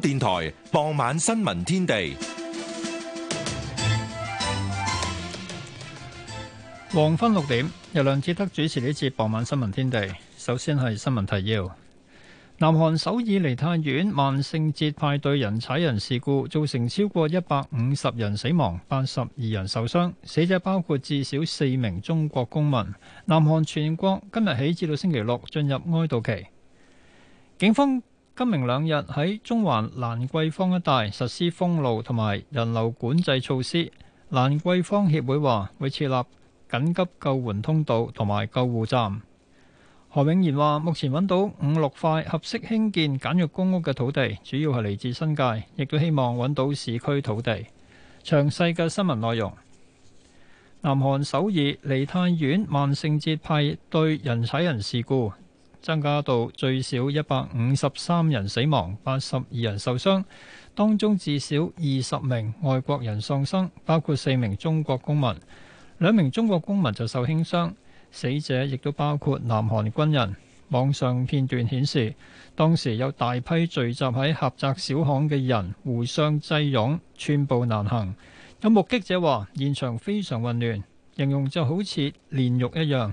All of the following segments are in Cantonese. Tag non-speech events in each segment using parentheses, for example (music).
電台傍晚新聞天地，黃昏六點，由梁志德主持呢節傍晚新聞天地。首先係新聞提要：南韓首爾梨泰院，萬聖節派對人踩人事故造成超過一百五十人死亡，八十二人受傷，死者包括至少四名中國公民。南韓全國今日起至到星期六進入哀悼期，警方。今明兩日喺中環蘭桂坊一帶實施封路同埋人流管制措施。蘭桂坊協會話會設立緊急救援通道同埋救護站。何永賢話：目前揾到五六塊合適興建簡約公屋嘅土地，主要係嚟自新界，亦都希望揾到市區土地。詳細嘅新聞內容。南韓首爾梨泰院萬聖節派對人踩人事故，增加到最少一百五十三人死亡，八十二人受傷，當中至少二十名外國人喪生，包括四名中國公民，兩名中國公民就受輕傷。死者亦都包括南韓軍人。網上片段顯示，當時有大批聚集喺狹窄小巷嘅人互相擠擁，寸步難行。有目擊者話，現場非常混亂，形容就好似煉獄一樣。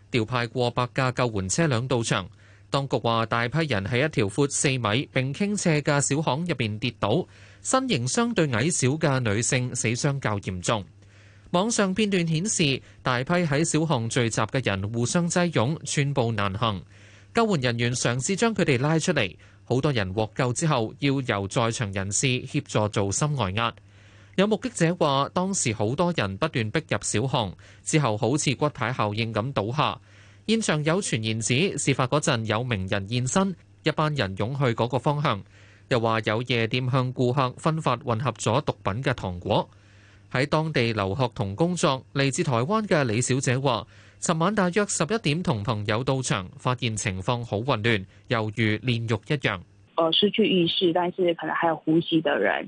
調派過百架救援車輛到場，當局話大批人喺一條闊四米並傾斜嘅小巷入面跌倒，身形相對矮小嘅女性死傷較嚴重。網上片段顯示，大批喺小巷聚集嘅人互相擠擁，寸步難行。救援人員嘗試將佢哋拉出嚟，好多人獲救之後要由在場人士協助做心外壓。有目擊者話：當時好多人不斷逼入小巷，之後好似骨牌效應咁倒下。現場有傳言指事發嗰陣有名人現身，一班人湧去嗰個方向。又話有夜店向顧客分發混合咗毒品嘅糖果。喺當地留學同工作嚟自台灣嘅李小姐話，尋晚大約十一點同朋友到場，發現情況好混亂，猶如煉獄一樣。我，失去意識，但是可能還有呼吸的人。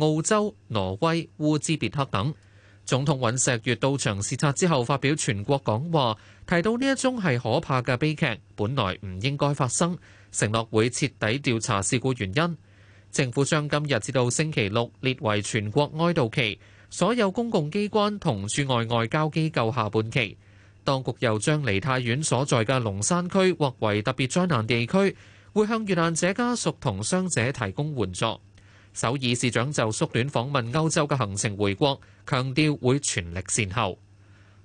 澳洲、挪威、烏茲別克等。總統尹錫悦到場視察之後發表全國講話，提到呢一宗係可怕嘅悲劇，本來唔應該發生，承諾會徹底調查事故原因。政府將今日至到星期六列為全國哀悼期，所有公共機關同駐外外交機構下半期。當局又將梨泰院所在嘅龍山區劃為特別災難地區，會向遇難者家屬同傷者提供援助。首爾市長就縮短訪問歐洲嘅行程回國，強調會全力善後。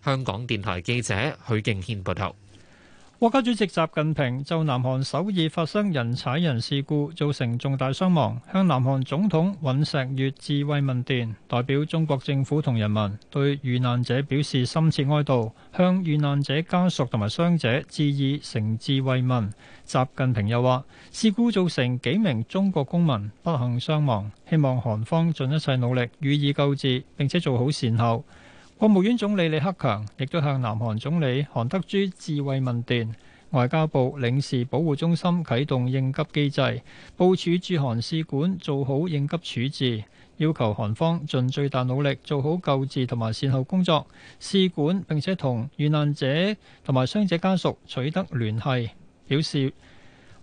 香港電台記者許敬軒報道。國家主席習近平就南韓首爾發生人踩人事故造成重大傷亡，向南韓總統尹錫悅致慰問電，代表中國政府同人民對遇難者表示深切哀悼，向遇難者家屬同埋傷者致以誠摯慰問。習近平又話，事故造成幾名中國公民不幸傷亡，希望韓方盡一切努力予以救治，並且做好善後。國務院總理李克強亦都向南韓總理韓德珠致慰問電，外交部領事保護中心啟動應急機制，部署駐韓使館做好應急處置，要求韓方盡最大努力做好救治同埋善後工作，使館並且同遇難者同埋傷者家屬取得聯繫，表示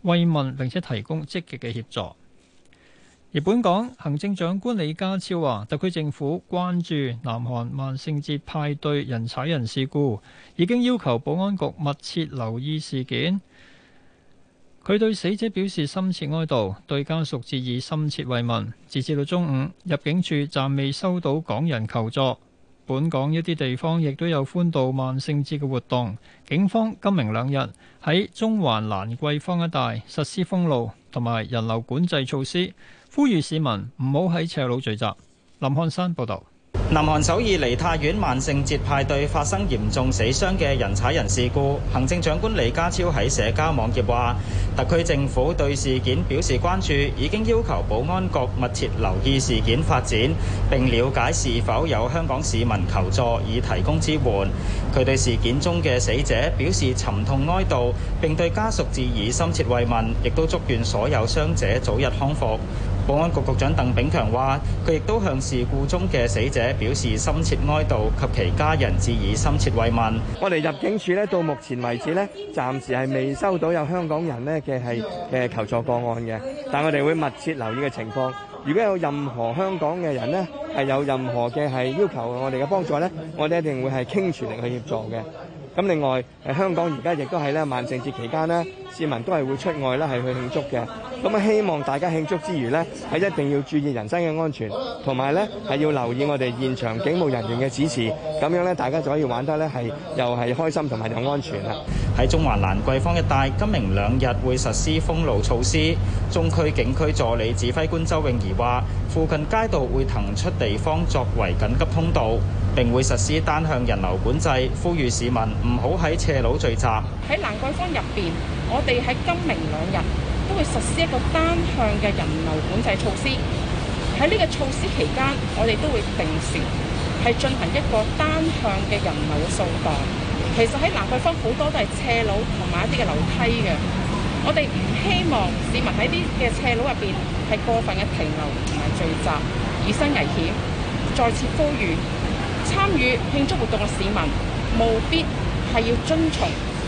慰問並且提供積極嘅協助。而本港行政長官李家超話，特區政府關注南韓萬聖節派對人踩人事故，已經要求保安局密切留意事件。佢對死者表示深切哀悼，對家屬致以深切慰問。截至到中午，入境處暫未收到港人求助。本港一啲地方亦都有歡度萬聖節嘅活動，警方今明兩日喺中環蘭桂坊一帶實施封路同埋人流管制措施。呼籲市民唔好喺斜路聚集。林漢山報道，南韓首爾梨泰院萬聖節派對發生嚴重死傷嘅人踩人事故。行政長官李家超喺社交網頁話，特區政府對事件表示關注，已經要求保安局密切留意事件發展，並了解是否有香港市民求助以提供支援。佢對事件中嘅死者表示沉痛哀悼，並對家屬致以深切慰問，亦都祝願所有傷者早日康復。保安局局長鄧炳強話，佢亦都向事故中嘅死者表示深切哀悼及其家人致以深切慰問。我哋入境處呢，到目前為止呢，暫時係未收到有香港人嘅求助個案嘅。但我哋會密切留意嘅情況。如果有任何香港嘅人呢，有任何嘅要求我哋嘅幫助呢，我哋一定會係傾全力去協助嘅。咁另外，香港而家亦都係萬聖節期間，市民都係會出外咧，係去慶祝嘅。咁啊，希望大家慶祝之餘呢係一定要注意人身嘅安全，同埋呢係要留意我哋現場警務人員嘅指示。咁樣呢，大家就可以玩得呢係又係開心同埋又安全啦。喺中環蘭桂坊一帶，今明兩日會實施封路措施。中區警區助理指揮官周泳怡話，附近街道會騰出地方作為緊急通道，並會實施單向人流管制，呼籲市民唔好喺斜路聚集。喺蘭桂坊入邊。我哋喺今明兩日都會實施一個單向嘅人流管制措施。喺呢個措施期間，我哋都會定時係進行一個單向嘅人流嘅掃蕩。其實喺蘭桂坊好多都係斜路同埋一啲嘅樓梯嘅。我哋唔希望市民喺啲嘅斜路入邊係過分嘅停留同埋聚集，以身危險。再次呼籲參與慶祝活動嘅市民，務必係要遵從。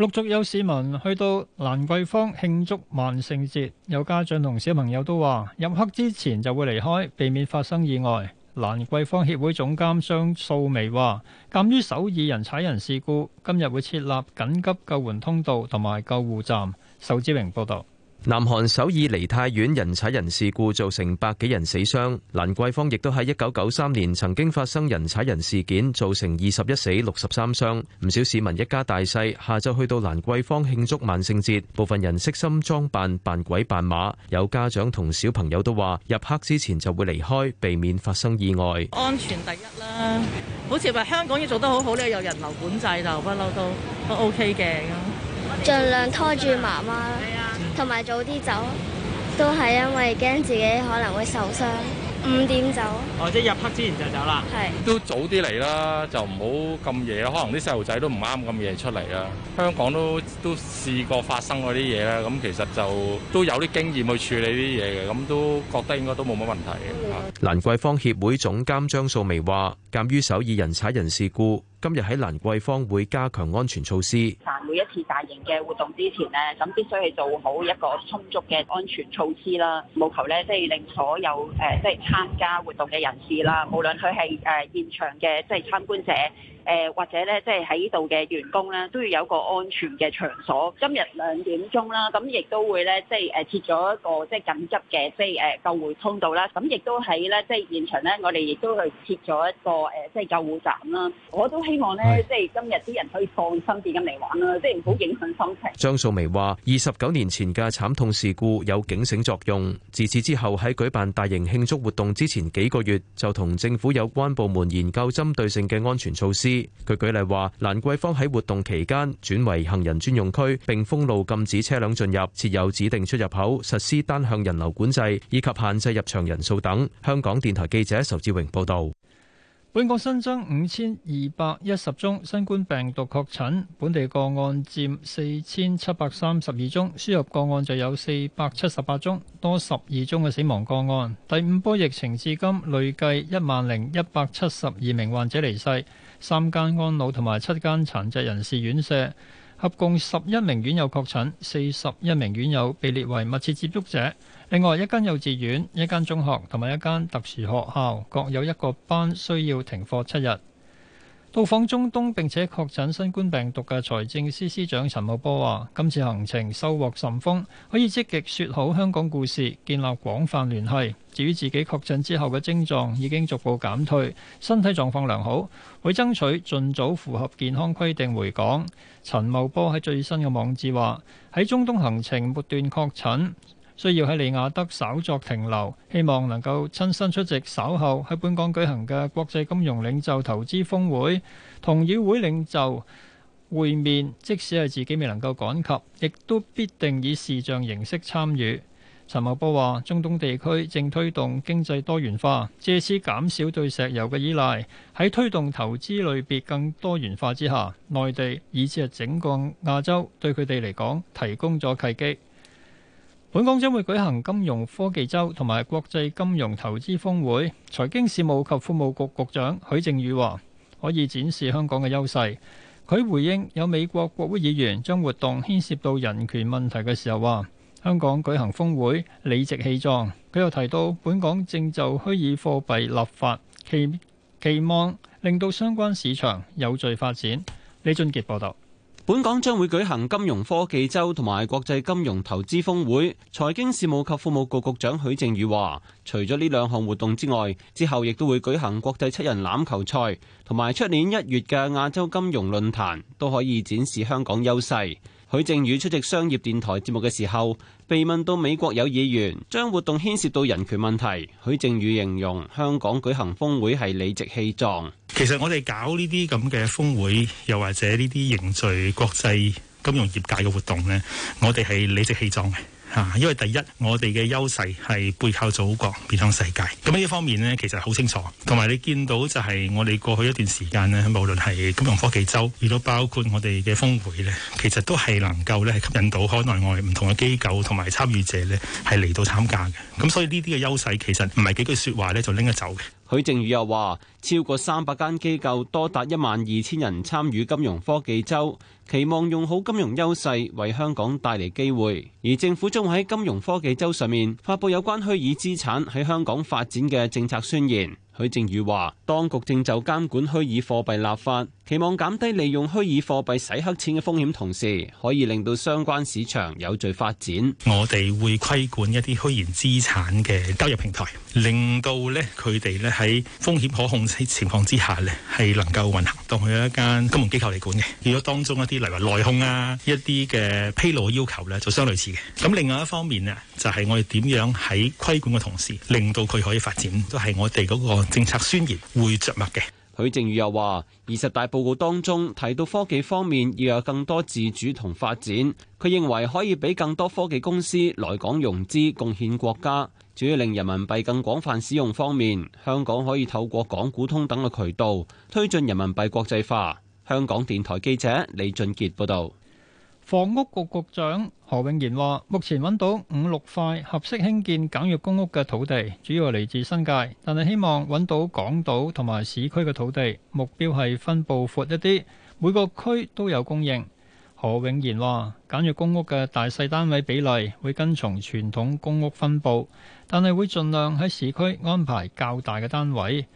陸續有市民去到蘭桂坊慶祝萬聖節，有家長同小朋友都話入黑之前就會離開，避免發生意外。蘭桂坊協會總監商素眉話，鑒於首爾人踩人事故，今日會設立緊急救援通道同埋救護站。仇志榮報道。南韓首爾梨泰院人踩人事故造成百幾人死傷，蘭桂坊亦都喺一九九三年曾經發生人踩人事件，造成二十一死六十三傷。唔少市民一家大細下晝去到蘭桂坊慶祝萬聖節，部分人悉心裝扮扮鬼扮馬，有家長同小朋友都話，入黑之前就會離開，避免發生意外，安全第一啦。好似話香港要做得好好咧，有人流管制就不嬲都都 OK 嘅咁。盡量拖住媽媽啦，同埋早啲走，都係因為驚自己可能會受傷。五點走，哦，即係入黑之前就走啦。係都早啲嚟啦，就唔好咁夜，可能啲細路仔都唔啱咁夜出嚟啦。香港都都試過發生嗰啲嘢啦，咁其實就都有啲經驗去處理啲嘢嘅，咁都覺得應該都冇乜問題嘅。蘭桂坊協會總監張素眉話，鑑於首爾人踩人事故。今日喺蘭桂坊會加強安全措施。凡每一次大型嘅活動之前呢，咁必須係做好一個充足嘅安全措施啦。務求呢，即係令所有誒，即係參加活動嘅人士啦，無論佢係誒現場嘅即係參觀者。誒或者咧，即係喺呢度嘅員工咧，都要有個安全嘅場所。今日兩點鐘啦，咁亦都會咧，即係誒設咗一個即係緊急嘅即係誒救護通道啦。咁亦都喺咧，即係現場咧，我哋亦都去設咗一個誒即係救護站啦。我都希望咧，即係今日啲人可以放心啲咁嚟玩啦，即係唔好影響心情是。張素眉話：二十九年前嘅慘痛事故有警醒作用，自此之後喺舉辦大型慶祝活動之前幾個月，就同政府有關部門研究針對性嘅安全措施。佢舉例話，蘭桂坊喺活動期間轉為行人專用區，並封路禁止車輛進入，設有指定出入口，實施單向人流管制，以及限制入場人數等。香港電台記者仇志榮報道。本港新增五千二百一十宗新冠病毒確診，本地個案佔四千七百三十二宗，輸入個案就有四百七十八宗，多十二宗嘅死亡個案。第五波疫情至今累計一萬零一百七十二名患者離世。三間安老同埋七間殘疾人士院舍，合共十一名院友確診，四十一名院友被列為密切接觸者。另外，一間幼稚園、一間中學同埋一間特殊學校各有一個班需要停課七日。到訪中東並且確診新冠病毒嘅財政司司長陳茂波話：今次行程收穫甚豐，可以積極説好香港故事，建立廣泛聯繫。至於自己確診之後嘅症狀已經逐步減退，身體狀況良好，會爭取盡早符合健康規定回港。陳茂波喺最新嘅網誌話：喺中東行程不斷確診。需要喺利雅得稍作停留，希望能夠親身出席稍後喺本港舉行嘅國際金融領袖投資峰會，同與會領袖會面。即使係自己未能夠趕及，亦都必定以視像形式參與。陳茂波話，中東地區正推動經濟多元化，借此減少對石油嘅依賴。喺推動投資類別更多元化之下，內地以至係整個亞洲對佢哋嚟講提供咗契機。本港將會舉行金融科技周同埋國際金融投資峰會，財經事務及庫務局局長許正宇話可以展示香港嘅優勢。佢回應有美國國會議員將活動牽涉到人權問題嘅時候話，香港舉行峰會理直氣壯。佢又提到，本港正就虛擬貨幣立法，期期望令到相關市場有序發展。李俊傑報導。本港將會舉行金融科技周同埋國際金融投資峰會，財經事務及庫務局局長許正宇話，除咗呢兩項活動之外，之後亦都會舉行國際七人欖球賽同埋出年一月嘅亞洲金融論壇，都可以展示香港優勢。許正宇出席商業電台節目嘅時候，被問到美國有議員將活動牽涉到人權問題，許正宇形容香港舉行峰會係理直氣壯。其實我哋搞呢啲咁嘅峰會，又或者呢啲凝聚國際金融業界嘅活動呢，我哋係理直氣壯嘅。嚇！因為第一，我哋嘅優勢係背靠祖國，面向世界。咁喺呢方面呢，其實好清楚。同埋你見到就係我哋過去一段時間呢，無論係金融科技周，亦都包括我哋嘅峰會呢，其實都係能夠呢係吸引到海內外唔同嘅機構同埋參與者呢，係嚟到參加嘅。咁所以呢啲嘅優勢其實唔係幾句説話呢就拎得走嘅。許正宇又話，超過三百間機構，多達一萬二千人參與金融科技週，期望用好金融優勢為香港帶嚟機會。而政府仲喺金融科技週上面發佈有關虛擬資產喺香港發展嘅政策宣言。許正宇話：當局正就監管虛擬貨幣立法，期望減低利用虛擬貨幣洗黑錢嘅風險，同時可以令到相關市場有序發展。我哋會規管一啲虛擬資產嘅交易平台，令到咧佢哋咧喺風險可控之情況之下咧係能夠運行，當佢一間金融機構嚟管嘅。如果當中一啲例如話內控啊，一啲嘅披露嘅要求咧，就相類似嘅。咁另外一方面啊，就係我哋點樣喺規管嘅同時，令到佢可以發展，都係我哋嗰個。政策宣言會着墨嘅。許正宇又話二十大報告當中提到科技方面要有更多自主同發展。佢認為可以俾更多科技公司來港融資貢獻國家。主要令人民幣更廣泛使用方面，香港可以透過港股通等嘅渠道推進人民幣國際化。香港電台記者李俊傑報道。房屋局局長何永賢話：目前揾到五六塊合適興建簡約公屋嘅土地，主要嚟自新界，但係希望揾到港島同埋市區嘅土地。目標係分佈闊一啲，每個區都有供應。何永賢話：簡約公屋嘅大細單位比例會跟從傳統公屋分佈，但係會盡量喺市區安排較大嘅單位，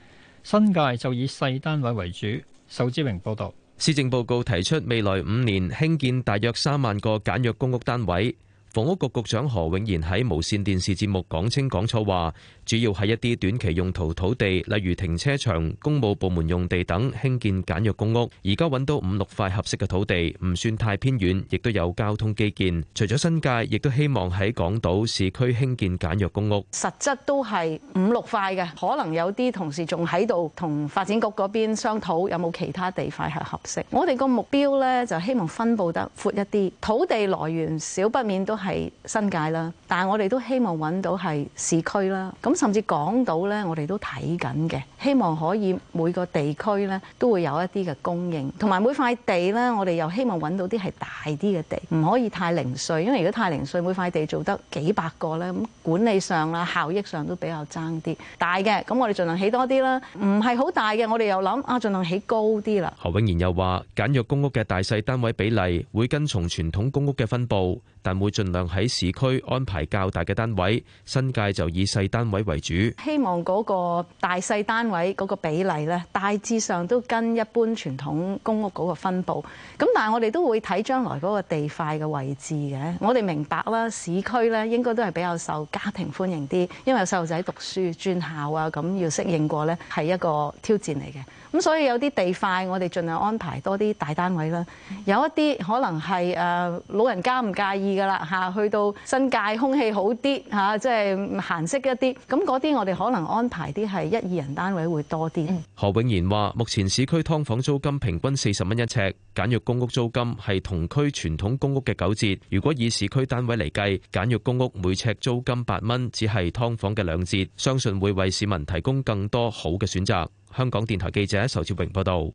新界就以細單位為主。仇志榮報導。施政報告提出，未來五年興建大約三萬個簡約公屋單位。房屋局局長何永賢喺無線電視節目講清講楚話，主要係一啲短期用途土地，例如停車場、公務部門用地等，興建簡約公屋。而家揾到五六塊合適嘅土地，唔算太偏遠，亦都有交通基建。除咗新界，亦都希望喺港島市區興建簡約公屋。實質都係五六塊嘅，可能有啲同事仲喺度同發展局嗰邊商討有冇其他地塊係合適。我哋個目標呢就希望分佈得闊一啲，土地來源少不免都係，係新界啦，但係我哋都希望揾到係市區啦，咁甚至港島咧，我哋都睇緊嘅，希望可以每個地區咧都會有一啲嘅供應，同埋每塊地咧，我哋又希望揾到啲係大啲嘅地，唔可以太零碎，因為如果太零碎，每塊地做得幾百個咧，咁管理上啦、效益上都比較爭啲大嘅，咁我哋盡量起多啲啦，唔係好大嘅，我哋又諗啊，盡量起高啲啦。何永賢又話，簡約公屋嘅大細單位比例會跟從傳統公屋嘅分佈，但會盡。量喺市區安排較大嘅單位，新界就以細單位為主。希望嗰個大細單位嗰個比例咧，大致上都跟一般傳統公屋嗰個分布。咁但係我哋都會睇將來嗰個地塊嘅位置嘅。我哋明白啦，市區咧應該都係比較受家庭歡迎啲，因為細路仔讀書轉校啊，咁要適應過咧係一個挑戰嚟嘅。咁所以有啲地塊我哋盡量安排多啲大單位啦。有一啲可能係誒老人家唔介意噶啦吓。去到新界空氣好啲嚇，即係閒適一啲，咁嗰啲我哋可能安排啲係一二人單位會多啲。何永賢話：目前市區劏房租金平均四十蚊一尺，簡約公屋租金係同區傳統公屋嘅九折。如果以市區單位嚟計，簡約公屋每尺租金八蚊，只係劏房嘅兩折，相信會為市民提供更多好嘅選擇。香港電台記者仇志榮報道。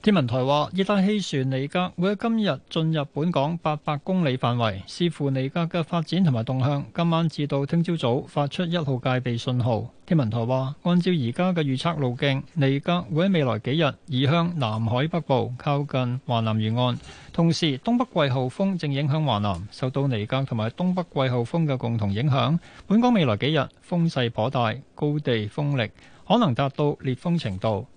天文台話，熱帶氣旋尼格會喺今日進入本港八百公里範圍，視乎尼格嘅發展同埋動向，今晚至到聽朝早早發出一號戒備信號。天文台話，按照而家嘅預測路徑，尼格會喺未來幾日移向南海北部，靠近華南沿岸。同時，東北季候風正影響華南，受到尼格同埋東北季候風嘅共同影響，本港未來幾日風勢頗大，高地風力可能達到烈風程度。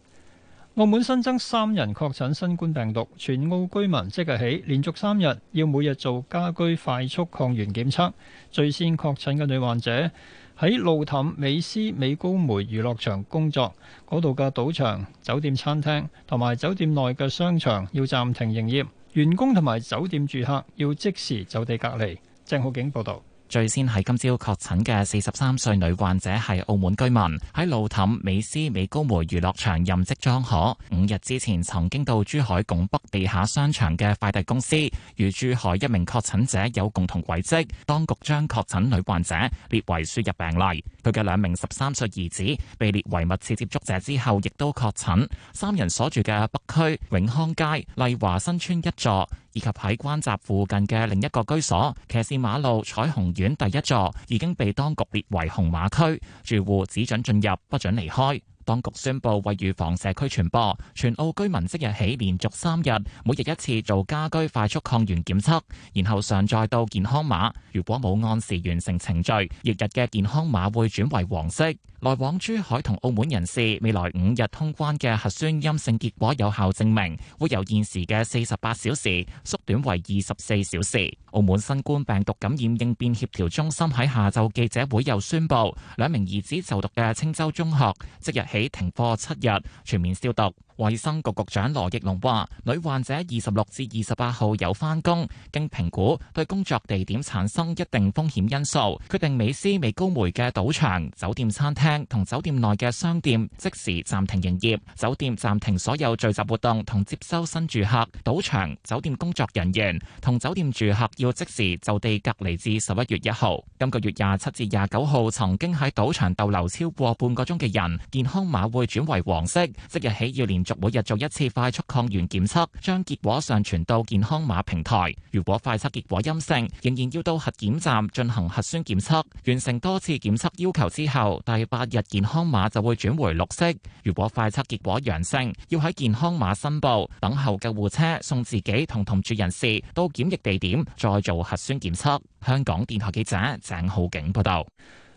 澳門新增三人確診新冠病毒，全澳居民即日起連續三日要每日做家居快速抗原檢測。最先確診嘅女患者喺路氹美獅美高梅娛樂場工作，嗰度嘅賭場、酒店、餐廳同埋酒店內嘅商場要暫停營業，員工同埋酒店住客要即時就地隔離。鄭浩景報道。最先喺今朝確診嘅四十三歲女患者係澳門居民，喺路氹美獅美高梅娛樂場任職莊荷，五日之前曾經到珠海拱北地下商場嘅快遞公司，與珠海一名確診者有共同軌跡，當局將確診女患者列為輸入病例，佢嘅兩名十三歲兒子被列為密切接觸者之後亦都確診，三人所住嘅北區永康街麗華新村一座。以及喺關閘附近嘅另一個居所騎士馬路彩虹苑第一座，已經被當局列為紅碼區，住戶只准進入，不准離開。當局宣布為預防社區傳播，全澳居民即日起連續三日，每日一次做家居快速抗原檢測，然後上載到健康碼。如果冇按時完成程序，翌日嘅健康碼會轉為黃色。來往珠海同澳門人士，未來五日通關嘅核酸陰性結果有效證明，會由現時嘅四十八小時縮短為二十四小時。澳門新冠病毒感染應變協調中心喺下晝記者會又宣布，兩名兒子就讀嘅青州中學，即日。企停課七日，全面消毒。衛生局局長羅奕龍話：女患者二十六至二十八號有返工，經評估對工作地點產生一定風險因素，決定美斯美高梅嘅賭場、酒店、餐廳同酒店內嘅商店即時暫停營業，酒店暫停所有聚集活動同接收新住客。賭場、酒店工作人員同酒店住客要即時就地隔離至十一月一號。今個月廿七至廿九號曾經喺賭場逗留超過半個鐘嘅人，健康碼會轉為黃色，即日起要連。連續每日做一次快速抗原檢測，將結果上傳到健康碼平台。如果快測結果陰性，仍然要到核檢站進行核酸檢測。完成多次檢測要求之後，第八日健康碼就會轉回綠色。如果快測結果陽性，要喺健康碼申報，等候救護車送自己同同住人士到檢疫地點再做核酸檢測。香港電台記者鄭浩景報道。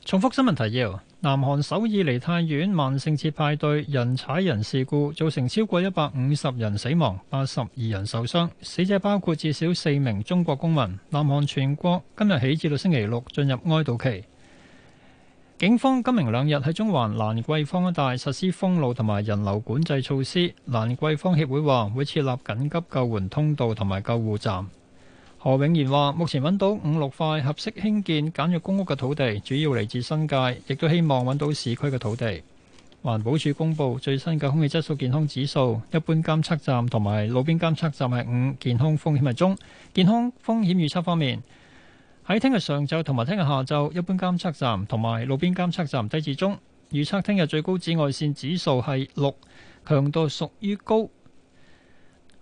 重複新聞提要：南韓首爾梨泰院萬聖節派對人踩人事故造成超過一百五十人死亡，八十二人受傷，死者包括至少四名中國公民。南韓全國今日起至到星期六進入哀悼期。警方今明兩日喺中環蘭桂坊一帶實施封路同埋人流管制措施。蘭桂坊協會話會設立緊急救援通道同埋救護站。何永賢話：目前揾到五六塊合適興建簡約公屋嘅土地，主要嚟自新界，亦都希望揾到市區嘅土地。環保署公布最新嘅空氣質素健康指數，一般監測站同埋路邊監測站係五，健康風險係中。健康風險預測方面，喺聽日上晝同埋聽日下晝，一般監測站同埋路邊監測站低至中。預測聽日最高紫外綫指數係六，強度屬於高。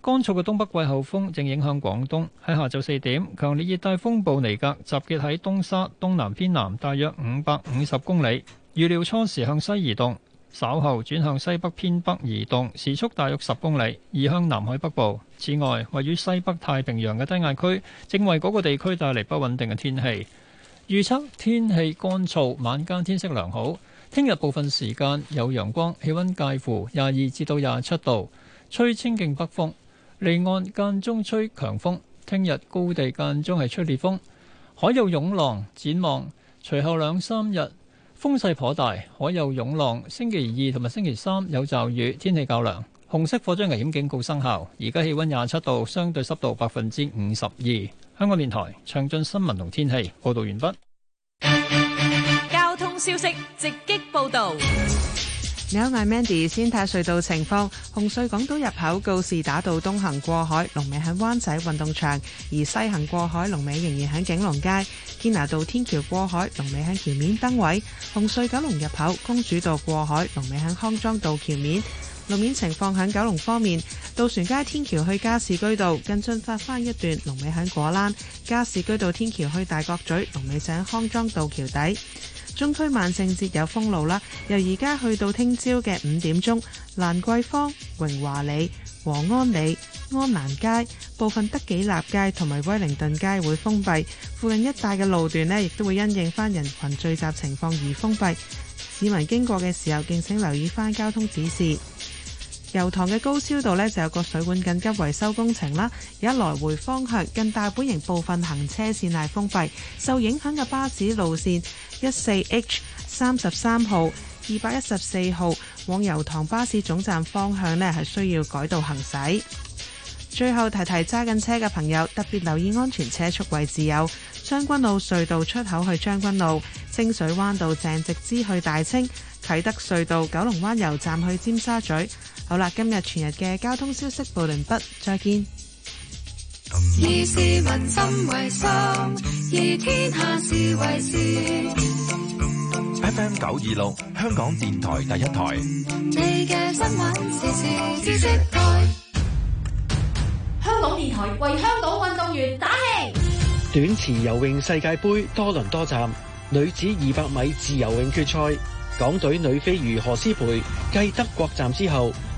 乾燥嘅東北季候風正影響廣東。喺下晝四點，強烈熱帶風暴尼格集結喺東沙東南偏南大約五百五十公里，預料初時向西移動，稍後轉向西北偏北移動，時速大約十公里，移向南海北部。此外，位於西北太平洋嘅低壓區正為嗰個地區帶嚟不穩定嘅天氣。預測天氣乾燥，晚間天色良好。聽日部分時間有陽光，氣温介乎廿二至到廿七度，吹清勁北風。離岸間中吹強風，聽日高地間中係吹烈風，海有湧浪。展望隨後兩三日風勢頗大，海有湧浪。星期二同埋星期三有驟雨，天氣較涼。紅色火災危險警告生效。而家氣溫廿七度，相對濕度百分之五十二。香港電台詳盡新聞同天氣報道完畢。交通消息直擊報道。我係 Mandy 先，睇隧道情況，紅隧港島入口告士打道東行過海，龍尾喺灣仔運動場；而西行過海，龍尾仍然喺景隆街。堅拿道天橋過海，龍尾喺橋面燈位。紅隧九龍入口公主道過海，龍尾喺康莊道橋面。路面情況喺九龍方面，渡船街天橋去加士居道近進發翻一段，龍尾喺果欄。加士居道天橋去大角咀，龍尾就喺康莊道橋底。中區萬聖節有封路啦，由而家去到聽朝嘅五點鐘，蘭桂坊、榮華里、和安里、安蘭街部分德己立街同埋威靈頓街會封閉，附近一帶嘅路段呢，亦都會因應翻人群聚集情況而封閉。市民經過嘅時候，敬請留意翻交通指示。油塘嘅高超道呢，就有個水管緊急維修工程啦，有一來回方向近大本營部分行車線係封閉，受影響嘅巴士路線。一四 H 三十三號、二百一十四號往油塘巴士總站方向呢係需要改道行駛。最後提提揸緊車嘅朋友，特別留意安全車速位置，有將軍澳隧道出口去將軍澳、清水灣道鄭直支去大清、啟德隧道九龍灣油站去尖沙咀。好啦，今日全日嘅交通消息報完畢，再見。以市民心為心 F M 九二六，事事乖乖26，香港電台第一台。你嘅新聞時時香港電台為香港運動員打氣。短池游泳世界杯多倫多站女子二百米自由泳決賽，港隊女飛魚何詩蓓繼德國站之後。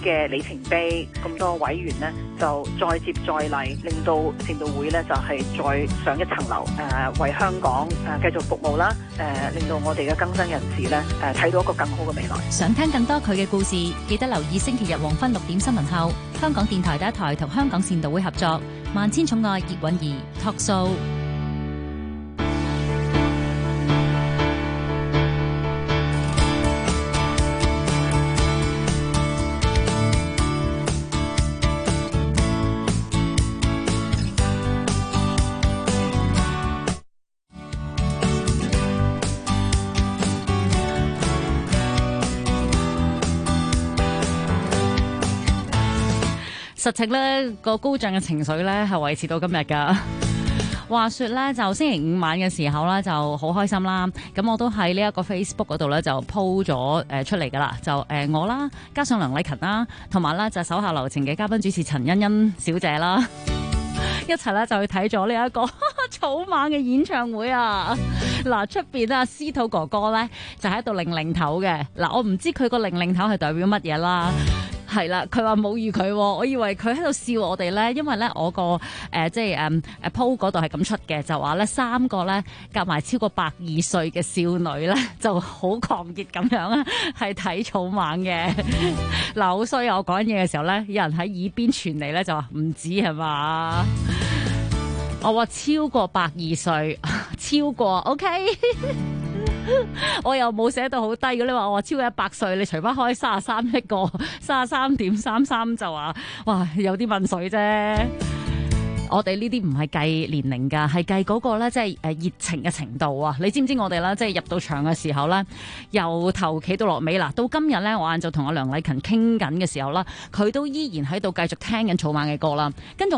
嘅里程碑，咁多委員咧就再接再厲，令到善導會咧就係再上一層樓，誒為香港誒繼續服務啦，誒令到我哋嘅更生人士咧誒睇到一個更好嘅未來。想聽更多佢嘅故事，記得留意星期日黃昏六點新聞後，香港電台第一台同香港善導會合作《萬千寵愛葉韻儀 Talk Show》。直情咧個高漲嘅情緒咧係維持到今日噶。 (laughs) 話說咧就星期五晚嘅時候咧就好開心啦。咁我都喺呢一個 Facebook 嗰度咧就 po 咗誒出嚟噶啦。就誒、呃、我啦，加上梁麗勤啦，同埋咧就手下留情嘅嘉賓主持陳欣欣小姐啦， (laughs) 一齊咧就去睇咗呢一個 (laughs) 草蜢嘅演唱會啊。嗱出邊啊司徒哥哥咧就喺、是、度擰擰頭嘅。嗱 (laughs) 我唔知佢個擰擰頭係代表乜嘢啦。係啦，佢話冇遇佢、哦，我以為佢喺度笑我哋咧，因為咧我個誒、呃、即係誒 po 嗰度係咁出嘅，就話咧三個咧夾埋超過百二歲嘅少女咧就好狂熱咁樣啦，係睇草蜢嘅。嗱，好衰啊！我講嘢嘅時候咧，有人喺耳邊傳嚟咧就話唔止係嘛， (laughs) 我話超過百二歲， (laughs) 超過 OK。 (laughs) (laughs) 我又冇寫到好低嘅，你話我超過一百歲，你除不開三十三億個三十三點三三就話，哇有啲問水啫。 (music) 我哋呢啲唔係計年齡噶，係計嗰個咧，即係誒熱情嘅程度啊。你知唔知我哋啦？即係入到場嘅時候咧，由頭企到落尾嗱，到今日咧，我晏晝同阿梁麗勤傾緊嘅時候啦，佢都依然喺度繼續聽緊草蜢嘅歌啦，跟